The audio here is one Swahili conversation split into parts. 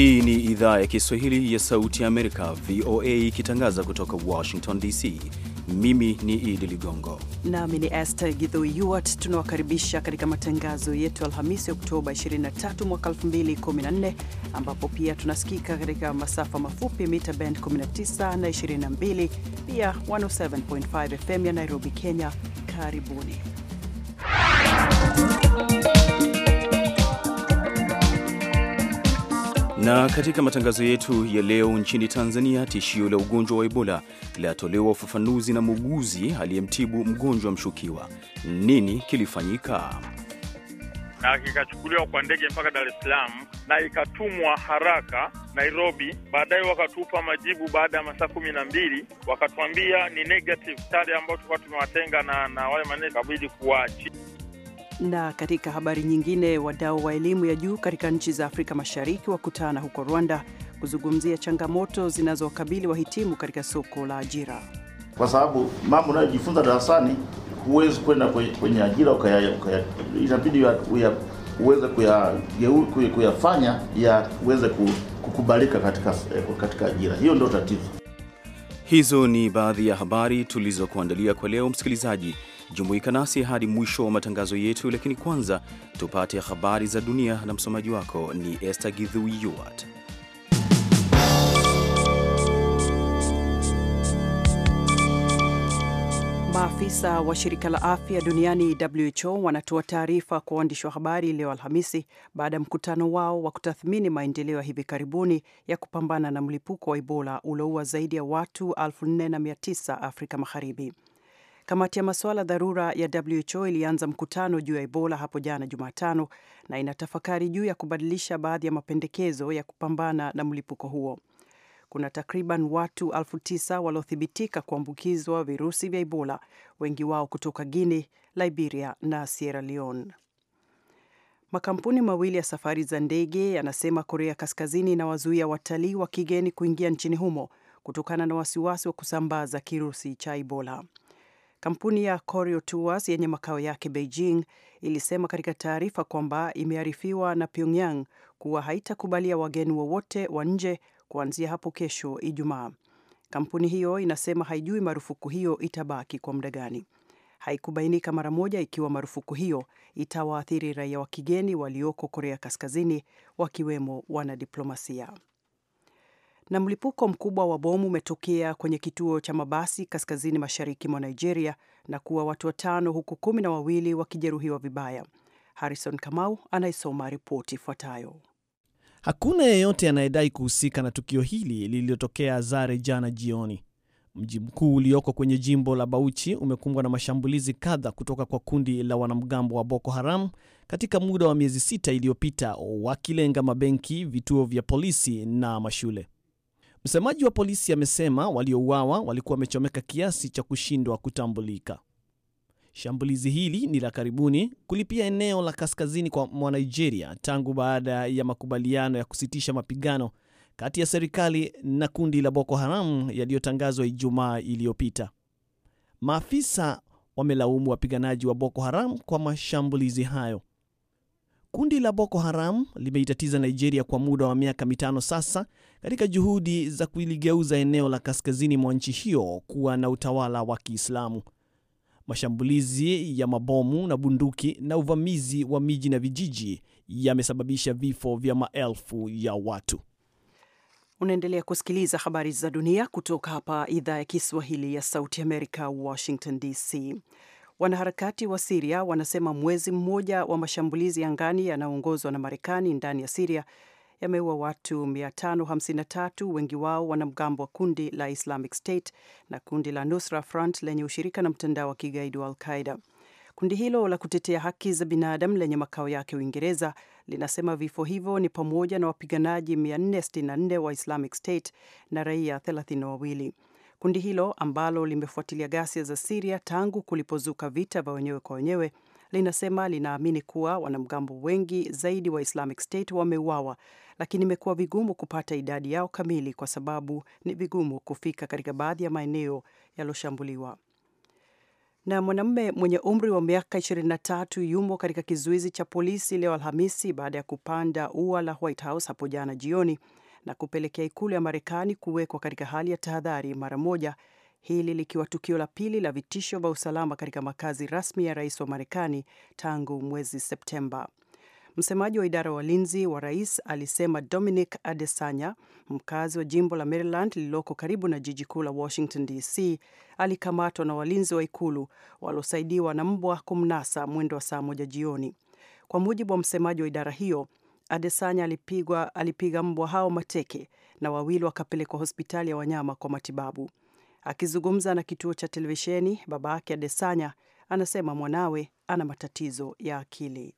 Hii ni idhaa ya Kiswahili ya Sauti ya Amerika, VOA, ikitangaza kutoka Washington DC. Mimi ni Idi Ligongo nami ni Esther Githoyuat. Tunawakaribisha katika matangazo yetu Alhamisi, Oktoba 23 mwaka 2014, ambapo pia tunasikika katika masafa mafupi mita band 19 na 22, pia 107.5 FM ya Nairobi, Kenya. Karibuni Na katika matangazo yetu ya leo, nchini Tanzania, tishio la ugonjwa wa Ebola latolewa ufafanuzi na muuguzi aliyemtibu mgonjwa mshukiwa. Nini kilifanyika? na kikachukuliwa kwa ndege mpaka Dar es Salaam na ikatumwa haraka Nairobi. Baadaye wakatupa majibu baada ya masaa kumi na mbili, wakatuambia ni negative study ambayo tulikuwa tumewatenga na, na wale manene kabidi kuwachi na katika habari nyingine, wadau wa elimu ya juu katika nchi za Afrika Mashariki wakutana huko Rwanda kuzungumzia changamoto zinazowakabili wahitimu katika soko la ajira, kwa sababu mambo unayojifunza darasani huwezi kwenda kwenye ajira, inabidi uweze kuyafanya uweze kukubalika katika, katika ajira. Hiyo ndio tatizo. Hizo ni baadhi ya habari tulizokuandalia kwa leo, msikilizaji. Jumuika nasi hadi mwisho wa matangazo yetu, lakini kwanza tupate habari za dunia na msomaji wako ni Esther Githui Maafisa wa shirika la afya duniani WHO wanatoa taarifa kwa waandishi wa habari leo Alhamisi baada ya mkutano wao wa kutathmini maendeleo ya hivi karibuni ya kupambana na mlipuko wa Ebola ulioua zaidi ya watu 4900 Afrika Magharibi. Kamati ya masuala dharura ya WHO ilianza mkutano juu ya Ebola hapo jana Jumatano na inatafakari juu ya kubadilisha baadhi ya mapendekezo ya kupambana na mlipuko huo. Kuna takriban watu elfu tisa waliothibitika kuambukizwa virusi vya Ebola, wengi wao kutoka Guinea, Liberia na Sierra Leone. Makampuni mawili ya safari za ndege yanasema Korea Kaskazini inawazuia watalii wa kigeni kuingia nchini humo kutokana na wasiwasi wa kusambaza kirusi cha Ebola. Kampuni ya Corio Tours yenye makao yake Beijing ilisema katika taarifa kwamba imearifiwa na Pyongyang kuwa haitakubalia wageni wowote wa nje kuanzia hapo kesho Ijumaa. Kampuni hiyo inasema haijui marufuku hiyo itabaki kwa muda gani. Haikubainika mara moja ikiwa marufuku hiyo itawaathiri raia wa kigeni walioko Korea Kaskazini, wakiwemo wanadiplomasia. Na mlipuko mkubwa wa bomu umetokea kwenye kituo cha mabasi kaskazini mashariki mwa Nigeria na kuwa watu watano huku kumi na wawili wakijeruhiwa vibaya. Harrison Kamau anaisoma ripoti ifuatayo. Hakuna yeyote anayedai kuhusika na tukio hili lililotokea Zare jana jioni. Mji mkuu ulioko kwenye jimbo la Bauchi umekumbwa na mashambulizi kadha kutoka kwa kundi la wanamgambo wa Boko Haram katika muda wa miezi sita iliyopita, wakilenga mabenki, vituo vya polisi na mashule. Msemaji wa polisi amesema waliouawa walikuwa wamechomeka kiasi cha kushindwa kutambulika. Shambulizi hili ni la karibuni kulipia eneo la kaskazini mwa Nigeria tangu baada ya makubaliano ya kusitisha mapigano kati ya serikali na kundi la Boko Haram yaliyotangazwa Ijumaa iliyopita. Maafisa wamelaumu wapiganaji wa Boko Haram kwa mashambulizi hayo. Kundi la Boko Haram limeitatiza Nigeria kwa muda wa miaka mitano sasa katika juhudi za kuligeuza eneo la kaskazini mwa nchi hiyo kuwa na utawala wa Kiislamu. Mashambulizi ya mabomu na bunduki na uvamizi wa miji na vijiji yamesababisha vifo vya maelfu ya watu. Unaendelea kusikiliza habari za dunia kutoka hapa idhaa ya Kiswahili ya Sauti Amerika, Washington DC. Wanaharakati wa Siria wanasema mwezi mmoja wa mashambulizi angani yanayoongozwa na Marekani ndani ya Siria yameua watu 553, wengi wao wanamgambo wa kundi la Islamic State na kundi la Nusra Front lenye ushirika na mtandao wa kigaidi wa alqaida Kundi hilo la kutetea haki za binadamu lenye makao yake Uingereza linasema vifo hivyo ni pamoja na wapiganaji 464 wa Islamic State na raia 32. Kundi hilo ambalo limefuatilia ghasia za Siria tangu kulipozuka vita vya wenyewe kwa wenyewe linasema linaamini kuwa wanamgambo wengi zaidi wa Islamic State wameuawa, lakini imekuwa vigumu kupata idadi yao kamili kwa sababu ni vigumu kufika katika baadhi ya maeneo yaliyoshambuliwa. Na mwanamume mwenye umri wa miaka 23 yumo katika kizuizi cha polisi leo Alhamisi baada ya kupanda ua la White House hapo jana jioni na kupelekea ikulu ya Marekani kuwekwa katika hali ya tahadhari mara moja, hili likiwa tukio la pili la vitisho vya usalama katika makazi rasmi ya rais wa Marekani tangu mwezi Septemba. Msemaji wa idara ya walinzi wa rais alisema Dominic Adesanya, mkazi wa jimbo la Maryland lililoko karibu na jiji kuu la Washington DC, alikamatwa na walinzi wa ikulu waliosaidiwa na mbwa kumnasa mwendo wa saa moja jioni. Kwa mujibu wa msemaji wa idara hiyo, Adesanya alipigwa, alipiga mbwa hao mateke na wawili wakapelekwa hospitali ya wanyama kwa matibabu. Akizungumza na kituo cha televisheni, baba yake Adesanya anasema mwanawe ana matatizo ya akili.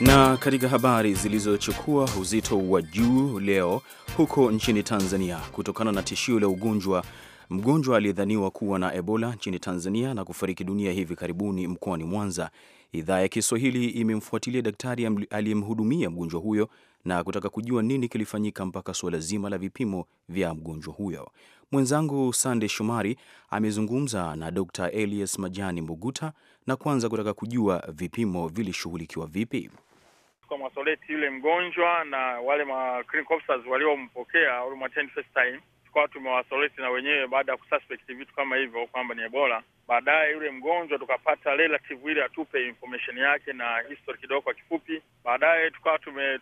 Na katika habari zilizochukua uzito wa juu leo huko nchini Tanzania, kutokana na tishio la ugonjwa Mgonjwa aliyedhaniwa kuwa na Ebola nchini Tanzania na kufariki dunia hivi karibuni mkoani Mwanza. Idhaa ya Kiswahili imemfuatilia daktari aliyemhudumia mgonjwa huyo na kutaka kujua nini kilifanyika mpaka suala zima la vipimo vya mgonjwa huyo. Mwenzangu Sande Shomari amezungumza na Dr. Elias Majani Mbuguta na kwanza kutaka kujua vipimo vilishughulikiwa vipi kwa mwasoleti yule mgonjwa na wale ma clinical officers waliompokea, first time tukawa tumewasoleti na wenyewe baada ya kususpect vitu kama hivyo kwamba ni Ebola. Baadaye yule mgonjwa tukapata relative ile atupe information yake na history kidogo kwa kifupi. Baadaye tukawa tume,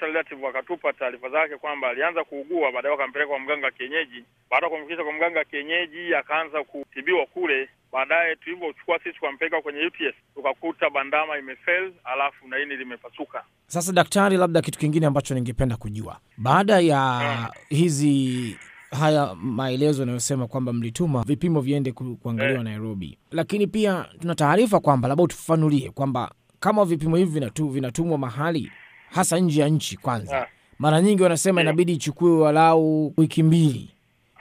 relative akatupa taarifa zake kwamba alianza kuugua, baadaye wakampeleka kwa mganga wa kienyeji. Baada ya kumfikisha kwa mganga wa kienyeji akaanza kutibiwa kule. Baadaye tulivyochukua sisi tukampeleka kwenye UTS tukakuta bandama imefail, alafu na ini limepasuka. Sasa daktari, labda kitu kingine ambacho ningependa kujua baada ya hmm, hizi haya maelezo yanayosema kwamba mlituma vipimo viende kuangaliwa eh. Nairobi, lakini pia tuna taarifa kwamba, labda utufafanulie kwamba kama vipimo hivi vinatu, vinatumwa mahali hasa nje ya nchi kwanza, ah. mara nyingi wanasema eh. inabidi ichukue walau wiki mbili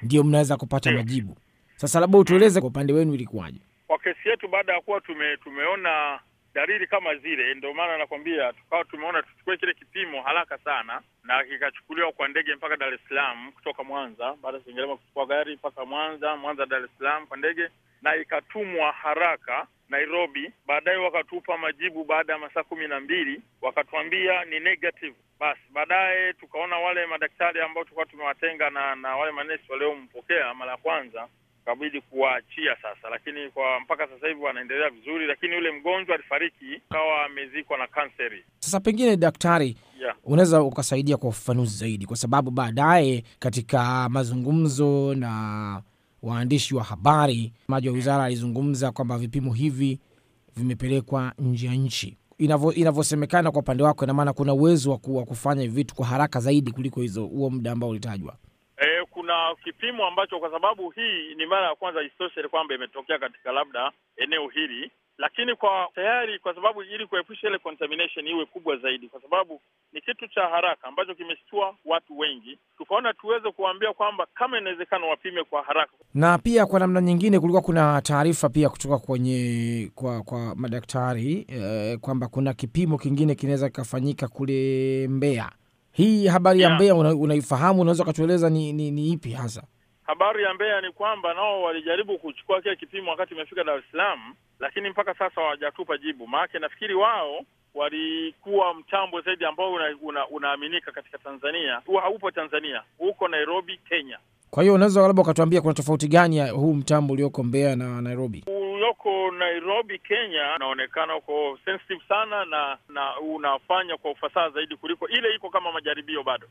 ndio mnaweza kupata eh. majibu. Sasa labda utueleze kwa upande wenu ilikuwaje? Kwa kesi yetu, baada ya kuwa tume, tumeona dalili kama zile. Ndio maana nakwambia tukawa tumeona tuchukue kile kipimo haraka sana, na kikachukuliwa kwa ndege mpaka Dar es Salaam kutoka Mwanza, baada ya Sengerema kuchukua gari mpaka Mwanza, Mwanza Dar es Salaam kwa ndege, na ikatumwa haraka Nairobi. Baadaye wakatupa majibu baada ya masaa kumi na mbili, wakatuambia ni negative. Basi baadaye tukaona wale madaktari ambao tulikuwa tumewatenga na na wale manesi waliompokea mara ya kwanza ukabidi kuwaachia sasa, lakini kwa mpaka sasa hivi wanaendelea vizuri, lakini yule mgonjwa alifariki kawa amezikwa na kanseri. Sasa pengine daktari, yeah, unaweza ukasaidia kwa ufafanuzi zaidi, kwa sababu baadaye katika mazungumzo na waandishi wa habari maji wa wizara alizungumza kwamba vipimo hivi vimepelekwa nje ya nchi inavyosemekana. Kwa upande wako, inamaana kuna uwezo wa kufanya vitu kwa haraka zaidi kuliko hizo huo muda ambao ulitajwa kuna kipimo ambacho, kwa sababu hii ni mara ya kwanza, isitoshe kwamba imetokea katika labda eneo hili, lakini kwa tayari, kwa sababu ili kuepusha ile contamination iwe kubwa zaidi, kwa sababu ni kitu cha haraka ambacho kimeshtua watu wengi, tukaona tuweze kuambia kwamba kama inawezekana wapime kwa haraka. Na pia kwa namna nyingine, kulikuwa kuna taarifa pia kutoka kwenye kwa kwa madaktari eh, kwamba kuna kipimo kingine kinaweza kikafanyika kule Mbeya hii habari ya Mbeya unaifahamu, unaweza ukatueleza ni, ni, ni ipi hasa habari ya Mbeya? Ni kwamba nao walijaribu kuchukua kile kipimo wakati imefika Dar es Salaam, lakini mpaka sasa hawajatupa jibu. Maana nafikiri wao walikuwa mtambo zaidi ambao unaaminika una, una katika Tanzania, huwa haupo Tanzania, huko Nairobi, Kenya. Kwa hiyo unaweza labda ukatuambia kuna tofauti gani ya huu mtambo ulioko Mbeya na Nairobi? Ulioko Nairobi, Kenya, unaonekana uko sensitive sana na, na unafanya kwa ufasaha zaidi kuliko ile iko kama majaribio bado.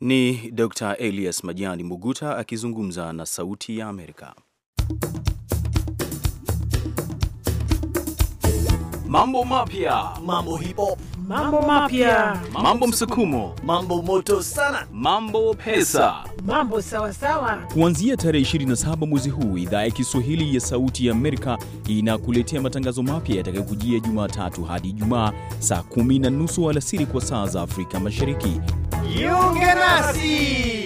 Ni Dr. Elias Majani Muguta akizungumza na Sauti ya Amerika. mambo mapya, mambo hip hop, mambo mapya, mambo msukumo, mambo moto sana, mambo pesa, mambo sawa sawa. Kuanzia tarehe 27 mwezi huu, idhaa ya Kiswahili ya Sauti ya Amerika inakuletea matangazo mapya yatakayokujia Jumatatu hadi Ijumaa saa kumi na nusu alasiri kwa saa za Afrika Mashariki. Jiunge nasi.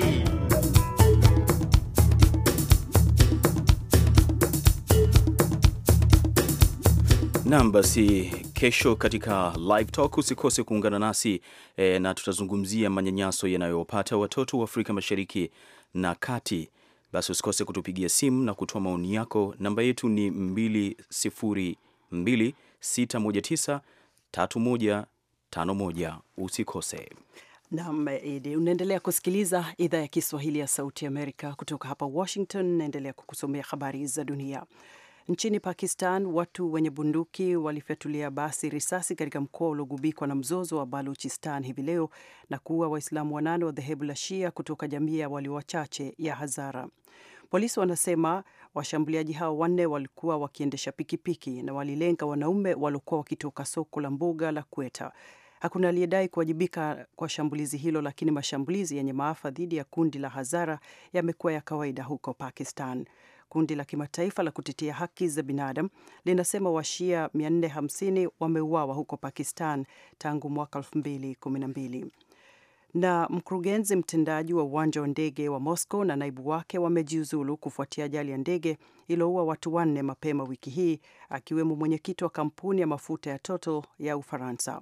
Naam, basi kesho katika live talk usikose kuungana nasi e, na tutazungumzia manyanyaso yanayowapata watoto wa Afrika Mashariki na Kati. Basi usikose kutupigia simu na kutoa maoni yako. Namba yetu ni 2026193151 usikose. Naam, Idi, unaendelea kusikiliza idhaa ya Kiswahili ya Sauti Amerika kutoka hapa Washington. Naendelea kukusomea habari za dunia. Nchini Pakistan, watu wenye bunduki walifyatulia basi risasi katika mkoa uliogubikwa na mzozo wa Baluchistan hivi leo na kuua Waislamu wanane wa dhehebu la Shia kutoka jamii ya walio wachache ya Hazara. Polisi wanasema washambuliaji hao wanne walikuwa wakiendesha pikipiki na walilenga wanaume waliokuwa wakitoka soko la mbuga la Kweta. Hakuna aliyedai kuwajibika kwa shambulizi hilo, lakini mashambulizi yenye maafa dhidi ya kundi la Hazara yamekuwa ya kawaida huko Pakistan. Kundi la kimataifa la kutetea haki za binadamu linasema washia 450 wameuawa huko Pakistan tangu mwaka 2012 na mkurugenzi mtendaji wa uwanja wa ndege wa Moscow na naibu wake wamejiuzulu kufuatia ajali ya ndege iliyoua watu wanne mapema wiki hii, akiwemo mwenyekiti wa kampuni ya mafuta ya Total ya Ufaransa.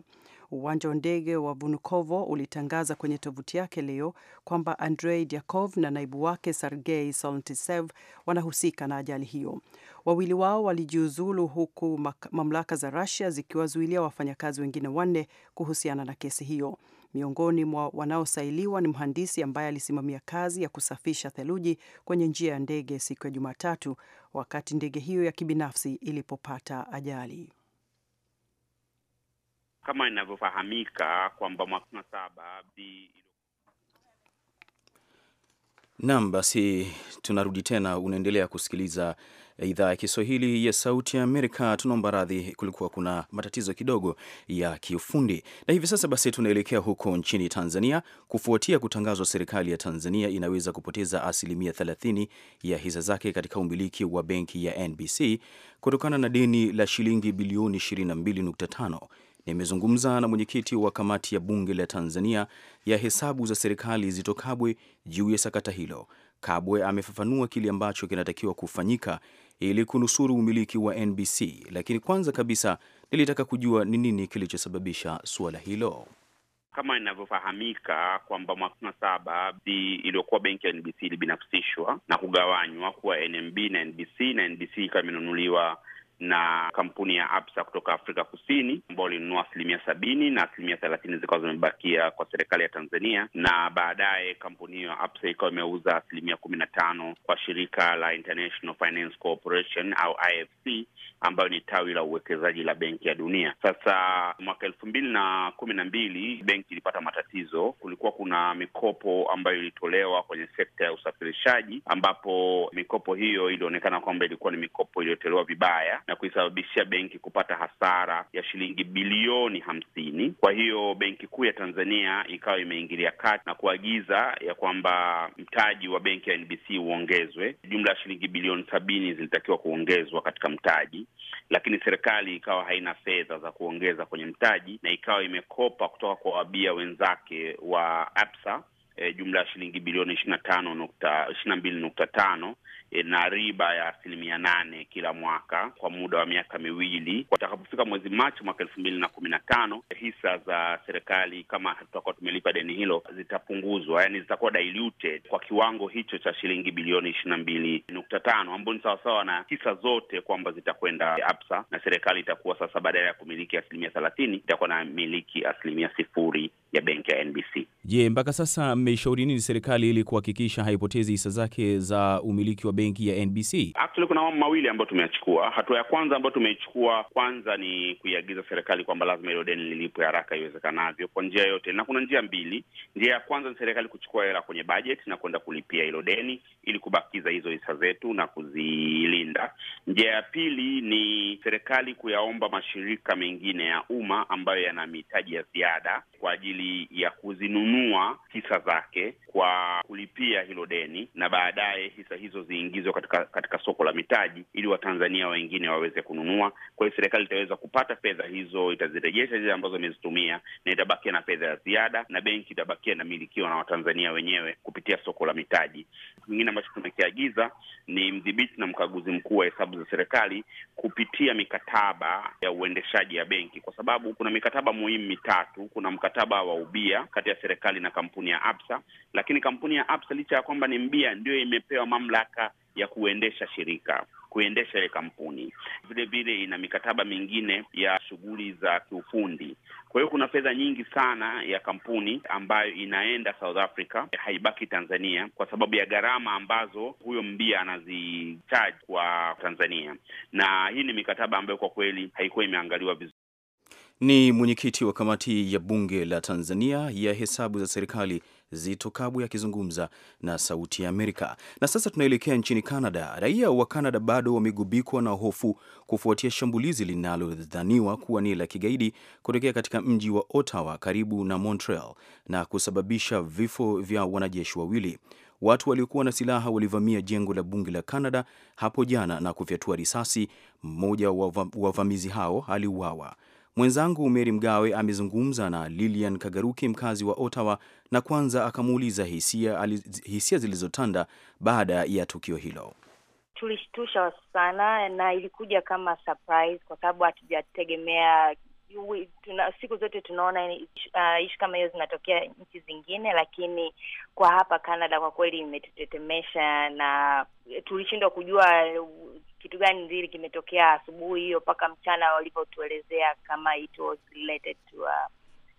Uwanja wa ndege wa Vnukovo ulitangaza kwenye tovuti yake leo kwamba Andrei diakov na naibu wake Sergei Solntsev wanahusika na ajali hiyo. Wawili wao walijiuzulu huku mamlaka za rasia zikiwazuilia wafanyakazi wengine wanne kuhusiana na kesi hiyo. Miongoni mwa wanaosailiwa ni mhandisi ambaye alisimamia kazi ya kusafisha theluji kwenye njia ya ndege siku ya Jumatatu wakati ndege hiyo ya kibinafsi ilipopata ajali kama inavyofahamika kwamba mwaka saba bi Naam, basi tunarudi tena. Unaendelea kusikiliza eh, idhaa ya Kiswahili ya Sauti ya Amerika. Tunaomba radhi, kulikuwa kuna matatizo kidogo ya kiufundi, na hivi sasa basi tunaelekea huko nchini Tanzania kufuatia kutangazwa serikali ya Tanzania inaweza kupoteza asilimia 30 ya hisa zake katika umiliki wa benki ya NBC kutokana na deni la shilingi bilioni 22.5 Nimezungumza na mwenyekiti wa kamati ya bunge la Tanzania ya hesabu za serikali zito Kabwe juu ya sakata hilo. Kabwe amefafanua kile ambacho kinatakiwa kufanyika ili kunusuru umiliki wa NBC, lakini kwanza kabisa nilitaka kujua ni nini kilichosababisha suala hilo. Kama inavyofahamika kwamba mwaka sitini na saba iliyokuwa benki ya NBC ilibinafsishwa na kugawanywa kuwa NMB na NBC, na NBC ikawa imenunuliwa na kampuni ya apsa kutoka Afrika Kusini ambao walinunua asilimia sabini na asilimia thelathini zikawa zimebakia kwa serikali ya Tanzania, na baadaye kampuni hiyo ya apsa ikawa imeuza asilimia kumi na tano kwa shirika la International Finance Corporation au IFC ambayo ni tawi la uwekezaji la Benki ya Dunia. Sasa mwaka elfu mbili na kumi na mbili benki ilipata matatizo. Kulikuwa kuna mikopo ambayo ilitolewa kwenye sekta ya usafirishaji, ambapo mikopo hiyo ilionekana kwamba ilikuwa ni mikopo iliyotolewa vibaya na kuisababishia benki kupata hasara ya shilingi bilioni hamsini. Kwa hiyo benki kuu ya Tanzania ikawa imeingilia kati na kuagiza ya kwamba mtaji wa benki ya NBC uongezwe. Jumla ya shilingi bilioni sabini zilitakiwa kuongezwa katika mtaji, lakini serikali ikawa haina fedha za kuongeza kwenye mtaji na ikawa imekopa kutoka kwa wabia wenzake wa APSA E, eh, jumla ya shilingi bilioni ishirini na tano nukta ishirini na mbili nukta tano E, na riba ya asilimia nane kila mwaka kwa muda wa miaka miwili. Utakapofika mwezi Machi mwaka elfu mbili na kumi na tano hisa za serikali kama tutakuwa tumelipa deni hilo zitapunguzwa, yani zitakuwa diluted kwa kiwango hicho cha shilingi bilioni ishirini na mbili nukta tano ambayo ni sawasawa na hisa zote kwamba zitakwenda APSA na serikali itakuwa sasa badala ya kumiliki asilimia thelathini itakuwa na miliki asilimia sifuri ya benki ya NBC. Je, mpaka sasa mmeshauri nini serikali ili kuhakikisha haipotezi hisa zake za umiliki wa benki benki ya NBC? Actually, kuna mambo mawili ambayo tumeyachukua. Hatua ya kwanza ambayo tumeichukua kwanza ni kuiagiza serikali kwamba lazima hilo deni lilipwe haraka iwezekanavyo kwa njia yote, na kuna njia mbili. Njia ya kwanza ni serikali kuchukua hela kwenye bajeti na kwenda kulipia hilo deni ili kubakiza hizo hisa zetu na kuzilinda. Njia ya pili ni serikali kuyaomba mashirika mengine ya umma ambayo yana mitaji ya ziada kwa ajili ya kuzinunua hisa zake kwa kulipia hilo deni na baadaye hisa hizo zi kuingizwa katika katika soko la mitaji ili watanzania wengine waweze kununua. Kwa hiyo serikali itaweza kupata fedha hizo, itazirejesha zile ambazo imezitumia na itabakia na fedha ya ziada, na benki itabakia inamilikiwa na watanzania wenyewe kupitia soko la mitaji. Kingine ambacho tumekiagiza ni mdhibiti na mkaguzi mkuu wa hesabu za serikali kupitia mikataba ya uendeshaji ya benki, kwa sababu kuna mikataba muhimu mitatu. Kuna mkataba wa ubia kati ya serikali na kampuni ya Absa, lakini kampuni ya Absa licha ya kwamba ni mbia, ndio imepewa mamlaka ya kuendesha shirika kuendesha ile kampuni. Vile vile ina mikataba mingine ya shughuli za kiufundi. Kwa hiyo kuna fedha nyingi sana ya kampuni ambayo inaenda South Africa, haibaki Tanzania kwa sababu ya gharama ambazo huyo mbia anazichaji kwa Tanzania, na hii ni mikataba ambayo kwa kweli haikuwa imeangaliwa vizuri. Ni mwenyekiti wa kamati ya bunge la Tanzania ya hesabu za serikali Zito Kabwe akizungumza na Sauti ya Amerika. Na sasa tunaelekea nchini Canada. Raia wa Canada bado wamegubikwa na hofu kufuatia shambulizi linalodhaniwa kuwa ni la kigaidi kutokea katika mji wa Ottawa karibu na Montreal na kusababisha vifo vya wanajeshi wawili. Watu waliokuwa na silaha walivamia jengo la bunge la Canada hapo jana na kufyatua risasi. Mmoja wa wavamizi hao aliuawa. Mwenzangu Meri Mgawe amezungumza na Lilian Kagaruki, mkazi wa Ottawa, na kwanza akamuuliza hisia, hisia zilizotanda baada ya tukio hilo. Tulishtusha sana na ilikuja kama surprise kwa sababu hatujategemea. Tuna, siku zote tunaona uh, ishi kama hiyo zinatokea nchi zingine, lakini kwa hapa Canada kwa kweli imetutetemesha na tulishindwa kujua kitu gani ndili kimetokea asubuhi hiyo mpaka mchana walivyotuelezea kama it was related to uh,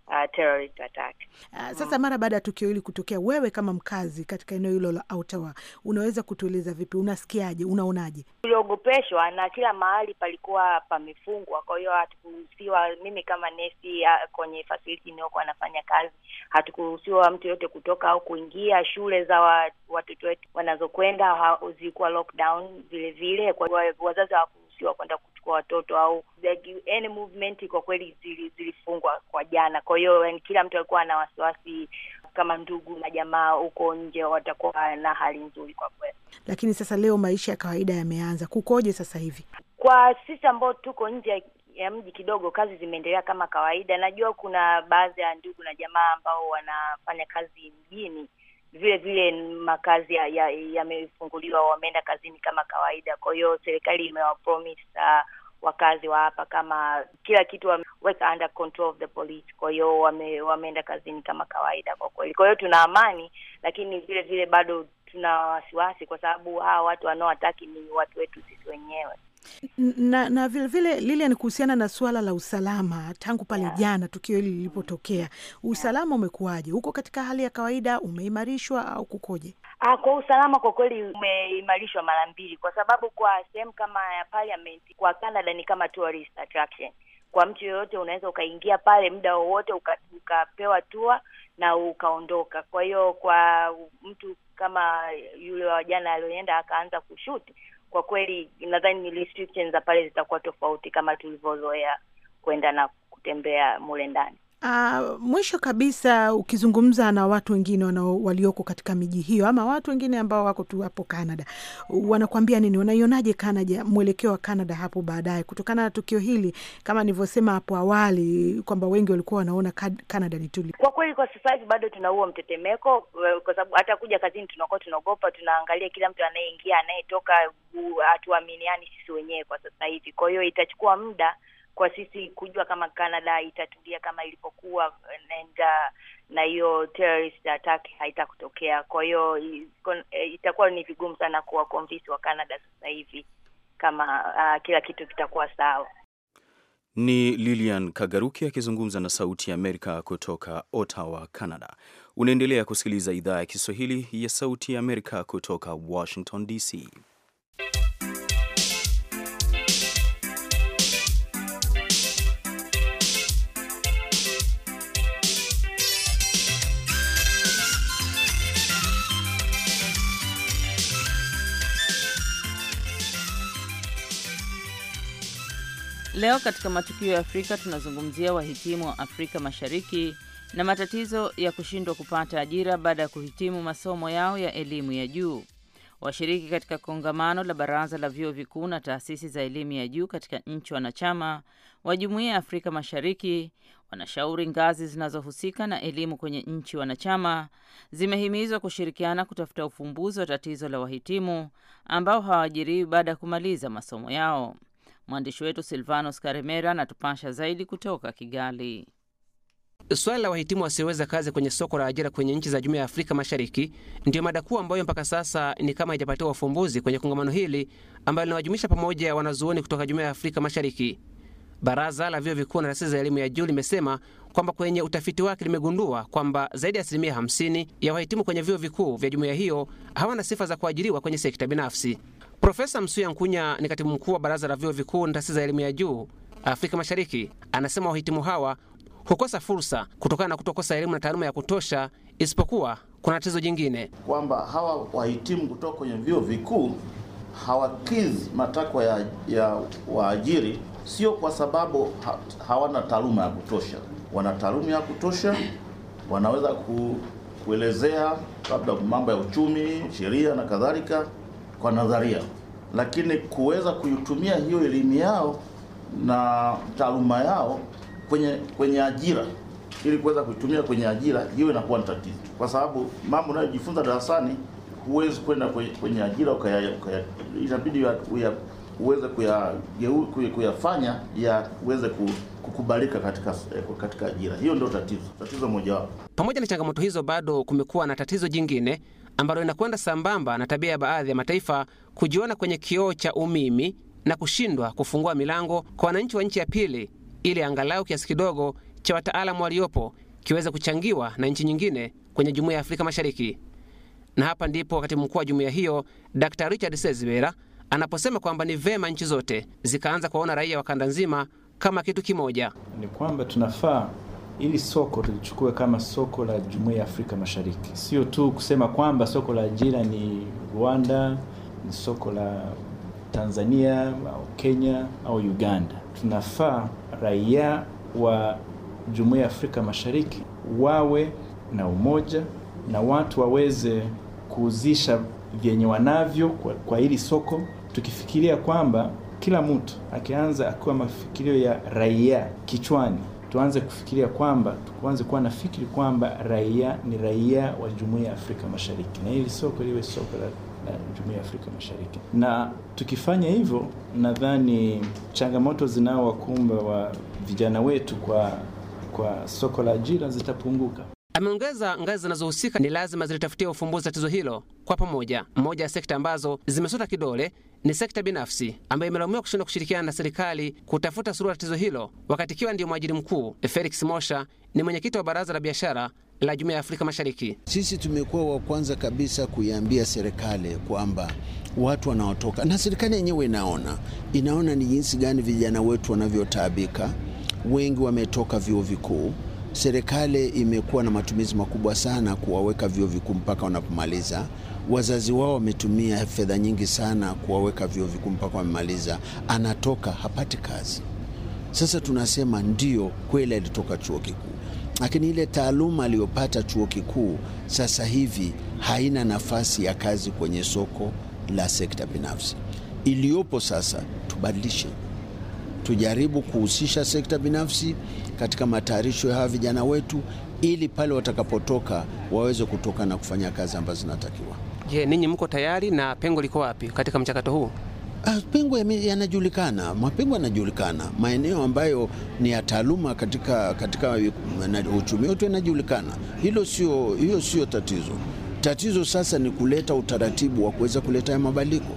uh, terrorist attack. Uh, sasa mara baada ya tukio hili kutokea, wewe kama mkazi katika eneo hilo la Ottawa unaweza kutueleza vipi? Unasikiaje? Unaonaje? Tuliogopeshwa na kila mahali palikuwa pamefungwa, kwa hiyo hatukuruhusiwa. Mimi kama nesi uh, kwenye fasiliti inayokuwa nafanya kazi, hatukuruhusiwa mtu yote kutoka au kuingia. Shule za wa, watoto wetu wanazokwenda zilikuwa lockdown vile wazazi hawakuruhusiwa kwenda kwa watoto au like, any movement kwa kweli zilifungwa zili kwa jana. Kwa hiyo kila mtu alikuwa na wasiwasi kama ndugu na jamaa huko nje watakuwa na hali nzuri kwa kweli. Lakini sasa leo maisha ya kawaida yameanza, kukoje sasa hivi kwa sisi ambao tuko nje ya mji kidogo, kazi zimeendelea kama kawaida. Najua kuna baadhi ya ndugu na jamaa ambao wanafanya kazi mjini, vile vile makazi yamefunguliwa, ya, ya wameenda kazini kama kawaida. Kwa hiyo serikali imewapromise uh, wakazi wa hapa kama kila kitu wameweka under control of the police. Kwa hiyo wame, wameenda kazini kama kawaida kwa kweli. Kwa hiyo tuna amani, lakini vile vile bado tuna wasiwasi, kwa sababu hawa watu wanaowataki ni watu wetu sisi wenyewe na na vilevile lilia ni kuhusiana na suala la usalama. Tangu pale jana tukio hili lilipotokea, usalama umekuwaje huko? Katika hali ya kawaida umeimarishwa au kukoje? Ah, kwa usalama kwa kweli umeimarishwa mara mbili, kwa sababu kwa sehemu kama ya parliament kwa Canada ni kama tourist attraction. Kwa mtu yoyote unaweza ukaingia pale muda wowote ukapewa uka tua na ukaondoka. Kwa hiyo kwa mtu kama yule wa jana aliyoenda akaanza kushuti kwa kweli nadhani restrictions za pale zitakuwa tofauti kama tulivyozoea kwenda na kutembea mule ndani. Uh, mwisho kabisa ukizungumza na watu wengine walioko katika miji hiyo ama watu wengine ambao wako tu hapo Canada, wanakuambia nini? Wanaionaje Canada, mwelekeo wa Canada hapo baadaye kutokana na tukio hili? Kama nilivyosema hapo awali kwamba wengi walikuwa wanaona Canada ni tuli. Kwa kweli, kwa sasa hivi bado tuna huo mtetemeko, kwa sababu hata kuja kazini tunakuwa tunaogopa, tunaangalia kila mtu anayeingia, anayetoka, hatuaminiani sisi wenyewe kwa sasa hivi. Kwa hiyo itachukua muda kwa sisi kujua kama Canada itatulia kama ilivyokuwa eh, nenda na hiyo terrorist attack haitakutokea. Kwa hiyo eh, itakuwa ni vigumu sana kuwa convince wa Canada sasa hivi kama uh, kila kitu kitakuwa sawa. Ni Lilian Kagaruki akizungumza na Sauti ya Amerika kutoka Ottawa, Canada. Unaendelea kusikiliza idhaa ya Kiswahili ya Sauti ya Amerika kutoka Washington DC. Leo katika matukio ya Afrika tunazungumzia wahitimu wa Afrika Mashariki na matatizo ya kushindwa kupata ajira baada ya kuhitimu masomo yao ya elimu ya juu. Washiriki katika kongamano la baraza la vyuo vikuu na taasisi za elimu ya juu katika nchi wanachama wa Jumuiya ya Afrika Mashariki wanashauri ngazi zinazohusika na elimu kwenye nchi wanachama zimehimizwa kushirikiana kutafuta ufumbuzi wa tatizo la wahitimu ambao hawaajiriwi baada ya kumaliza masomo yao. Mwandishi wetu Silvanos Karemera anatupasha zaidi kutoka Kigali. Swala la wahitimu wasioweza kazi kwenye soko la ajira kwenye nchi za Jumuiya ya Afrika Mashariki ndiyo mada kuu ambayo mpaka sasa ni kama haijapatiwa ufumbuzi kwenye kongamano hili ambalo linawajumuisha pamoja wanazuoni kutoka Jumuiya ya Afrika Mashariki. Baraza la vyuo vikuu na taasisi za elimu ya juu limesema kwamba kwenye utafiti wake limegundua kwamba zaidi ya asilimia 50 ya wahitimu kwenye vyuo vikuu vya jumuiya hiyo hawana sifa za kuajiriwa kwenye sekta binafsi. Profesa Msuya Nkunya ni katibu mkuu wa baraza la vyuo vikuu na taasisi za elimu ya juu Afrika Mashariki. Anasema wahitimu hawa hukosa fursa kutokana na kutokosa elimu na taaluma ya kutosha, isipokuwa kuna tatizo jingine kwamba hawa wahitimu kutoka kwenye vyuo vikuu hawakidhi matakwa ya, ya waajiri, sio kwa sababu ha, hawana taaluma ya kutosha. Wana taaluma ya kutosha, wanaweza ku, kuelezea labda mambo ya uchumi, sheria na kadhalika kwa nadharia, lakini kuweza kuitumia hiyo elimu yao na taaluma yao kwenye kwenye ajira ili kuweza kuitumia kwenye ajira hiyo inakuwa ni tatizo, kwa sababu mambo unayojifunza darasani huwezi kwenda kwenye ajira ukaya, ukaya, inabidi uweze kuyafanya ku kukubalika katika, katika ajira. Hiyo ndio tatizo, tatizo mojawapo. Pamoja na changamoto hizo, bado kumekuwa na tatizo jingine ambalo linakwenda sambamba na tabia ya baadhi ya mataifa kujiona kwenye kioo cha umimi na kushindwa kufungua milango kwa wananchi wa nchi ya pili ili angalau kiasi kidogo cha wataalamu waliopo kiweze kuchangiwa na nchi nyingine kwenye jumuiya ya Afrika Mashariki. Na hapa ndipo katibu mkuu wa jumuiya hiyo Dr. Richard Sezibera anaposema kwamba ni vema nchi zote zikaanza kuwaona raia wa kanda nzima kama kitu kimoja. Ni kwamba tunafaa ili soko tulichukue kama soko la jumuiya ya Afrika Mashariki, sio tu kusema kwamba soko la ajira ni Rwanda, ni soko la Tanzania au Kenya au Uganda. Tunafaa raia wa jumuiya ya Afrika Mashariki wawe na umoja na watu waweze kuuzisha vyenye wanavyo kwa, kwa hili soko, tukifikiria kwamba kila mtu akianza akiwa mafikirio ya raia kichwani tuanze kufikiria kwamba tuanze kuwa na fikiri kwamba raia ni raia wa Jumuiya ya Afrika Mashariki, na hili soko liwe soko la Jumuiya ya Afrika Mashariki. Na tukifanya hivyo, nadhani changamoto zinaowakumba wa vijana wetu kwa kwa soko la ajira zitapunguka. Ameongeza ngazi zinazohusika ni lazima zilitafutia ufumbuzi tatizo hilo kwa pamoja. Moja ya sekta ambazo zimesota kidole ni sekta binafsi ambayo imelaumiwa kushindwa kushirikiana na serikali kutafuta suluhu la tatizo hilo, wakati ikiwa ndiyo mwajiri mkuu. Felix Mosha ni mwenyekiti wa baraza la biashara la jumuiya ya Afrika Mashariki. Sisi tumekuwa wa kwanza kabisa kuiambia serikali kwamba watu wanaotoka na serikali yenyewe inaona inaona ni jinsi gani vijana wetu wanavyotaabika, wengi wametoka vyuo vikuu serikali imekuwa na matumizi makubwa sana kuwaweka vyuo vikuu mpaka wanapomaliza. Wazazi wao wametumia fedha nyingi sana kuwaweka vyuo vikuu mpaka wamemaliza, anatoka hapati kazi. Sasa tunasema ndio kweli alitoka chuo kikuu, lakini ile taaluma aliyopata chuo kikuu sasa hivi haina nafasi ya kazi kwenye soko la sekta binafsi iliyopo. Sasa tubadilishe tujaribu kuhusisha sekta binafsi katika matayarisho ya hawa vijana wetu, ili pale watakapotoka waweze kutoka na kufanya kazi ambazo zinatakiwa. Je, ninyi mko tayari na pengo liko wapi katika mchakato huu? Mapengo ah, yanajulikana, mapengo yanajulikana, maeneo ambayo ni ya taaluma katika, katika uchumi wetu yanajulikana. Hilo sio, hiyo sio tatizo. Tatizo sasa ni kuleta utaratibu wa kuweza kuleta mabadiliko.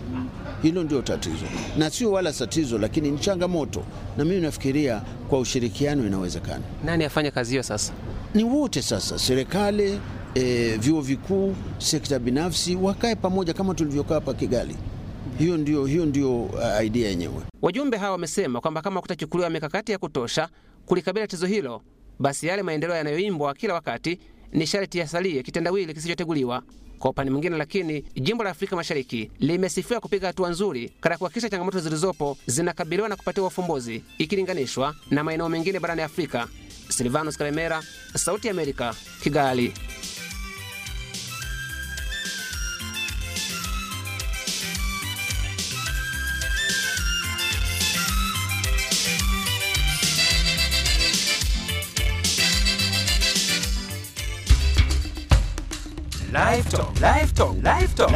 Hilo ndio tatizo, na sio wala tatizo, lakini ni changamoto, na mimi nafikiria kwa ushirikiano inawezekana. Nani afanya kazi hiyo sasa? Ni wote sasa, serikali e, vyuo vikuu, sekta binafsi, wakae pamoja kama tulivyokaa hapa Kigali. Hiyo ndio, hiyo ndio uh, idea yenyewe. Wajumbe hawa wamesema kwamba kama kutachukuliwa mikakati ya kutosha kulikabili tatizo hilo, basi yale maendeleo yanayoimbwa kila wakati ni sharti yasalie kitendawili kisichoteguliwa. Kwa upande mwingine, lakini jimbo la Afrika Mashariki limesifiwa kupiga hatua nzuri katika kuhakikisha changamoto zilizopo zinakabiliwa na kupatiwa ufumbuzi ikilinganishwa na maeneo mengine barani Afrika. Silvanus Karemera, Sauti ya Amerika, Kigali.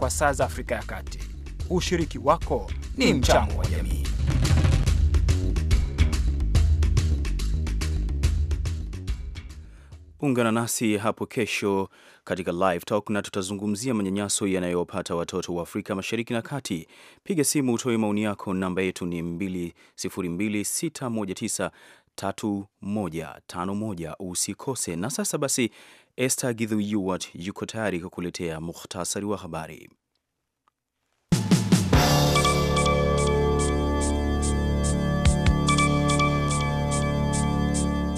kwa saa za Afrika ya Kati. Ushiriki wako ni mchango wa jamii. Ungana nasi hapo kesho katika Live Talk na tutazungumzia manyanyaso yanayopata watoto wa Afrika Mashariki na Kati. Piga simu utoe maoni yako, namba yetu ni 2026193151. Usikose. Na sasa basi Esther Githu Yuwat yuko tayari kukuletea mukhtasari wa habari.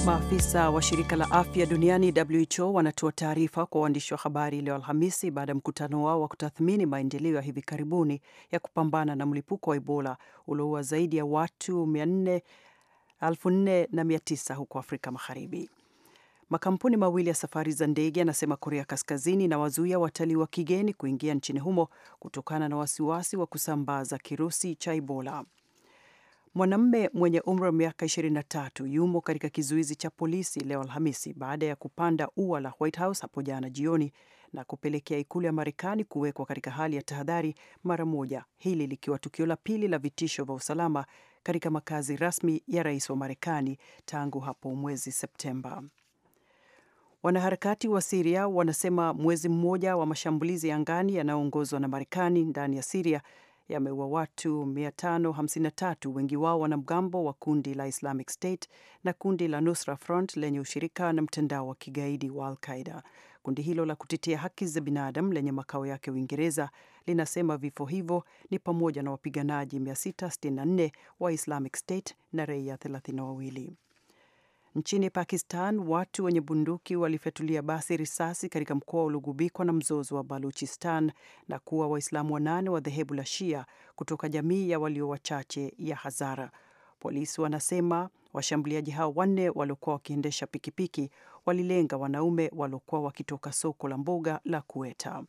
Maafisa wa shirika la afya duniani WHO wanatoa taarifa kwa waandishi wa habari leo Alhamisi baada ya mkutano wao wa kutathmini maendeleo ya hivi karibuni ya kupambana na mlipuko wa Ebola ulioua zaidi ya watu 449 huko Afrika Magharibi. Makampuni mawili ya safari za ndege yanasema Korea Kaskazini na wazuia watalii wa kigeni kuingia nchini humo kutokana na wasiwasi wa kusambaza kirusi cha Ebola. Mwanamume mwenye umri wa miaka 23 yumo katika kizuizi cha polisi leo Alhamisi baada ya kupanda ua la White House hapo jana jioni na kupelekea ikulu ya Marekani kuwekwa katika hali ya tahadhari mara moja, hili likiwa tukio la pili la vitisho vya usalama katika makazi rasmi ya rais wa Marekani tangu hapo mwezi Septemba. Wanaharakati wa Siria wanasema mwezi mmoja wa mashambulizi ya angani yanayoongozwa na Marekani ndani ya Siria yameua watu 553, wengi wao wanamgambo wa kundi la Islamic State na kundi la Nusra Front lenye ushirika na mtandao wa kigaidi wa Al-Qaida. Kundi hilo la kutetea haki za binadamu lenye makao yake Uingereza linasema vifo hivyo ni pamoja na wapiganaji 664 wa Islamic State na raia 32. Nchini Pakistan, watu wenye bunduki walifyatulia basi risasi katika mkoa uliogubikwa na mzozo wa Baluchistan na kuwa Waislamu wanane wa dhehebu la Shia kutoka jamii ya walio wachache ya Hazara. Polisi wanasema washambuliaji hao wanne waliokuwa wakiendesha pikipiki walilenga wanaume waliokuwa wakitoka soko la mboga la Kueta.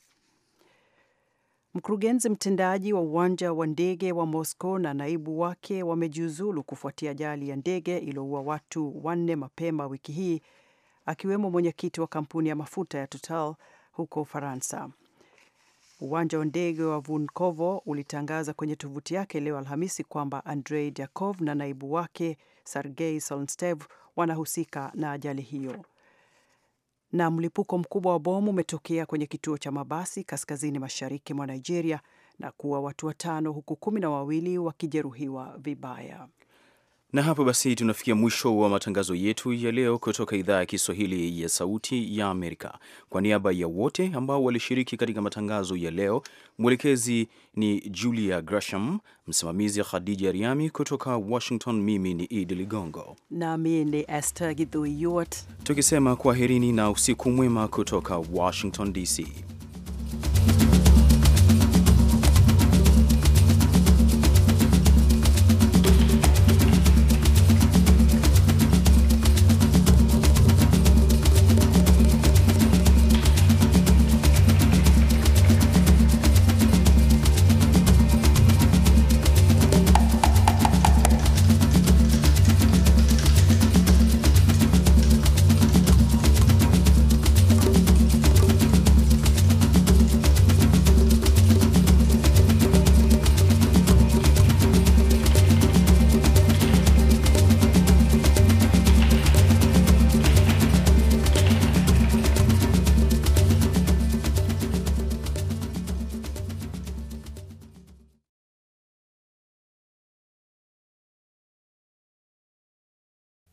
Mkurugenzi mtendaji wa uwanja wa ndege wa Moscow na naibu wake wamejiuzulu kufuatia ajali ya ndege iliyoua watu wanne mapema wiki hii, akiwemo mwenyekiti wa kampuni ya mafuta ya Total huko Ufaransa. Uwanja wa ndege wa vunkovo ulitangaza kwenye tovuti yake leo Alhamisi kwamba Andrei Dyakov na naibu wake Sergei Solnstev wanahusika na ajali hiyo na mlipuko mkubwa wa bomu umetokea kwenye kituo cha mabasi kaskazini mashariki mwa Nigeria na kuwa watu watano huku kumi na wawili wakijeruhiwa vibaya. Na hapo basi tunafikia mwisho wa matangazo yetu ya leo kutoka idhaa ya Kiswahili ya Sauti ya Amerika. Kwa niaba ya wote ambao walishiriki katika matangazo ya leo, mwelekezi ni Julia Gresham, msimamizi Khadija Riami. Kutoka Washington, mimi ni Idi Ligongo nami ni Esther Githuiyot, tukisema kwaherini na usiku mwema kutoka Washington DC.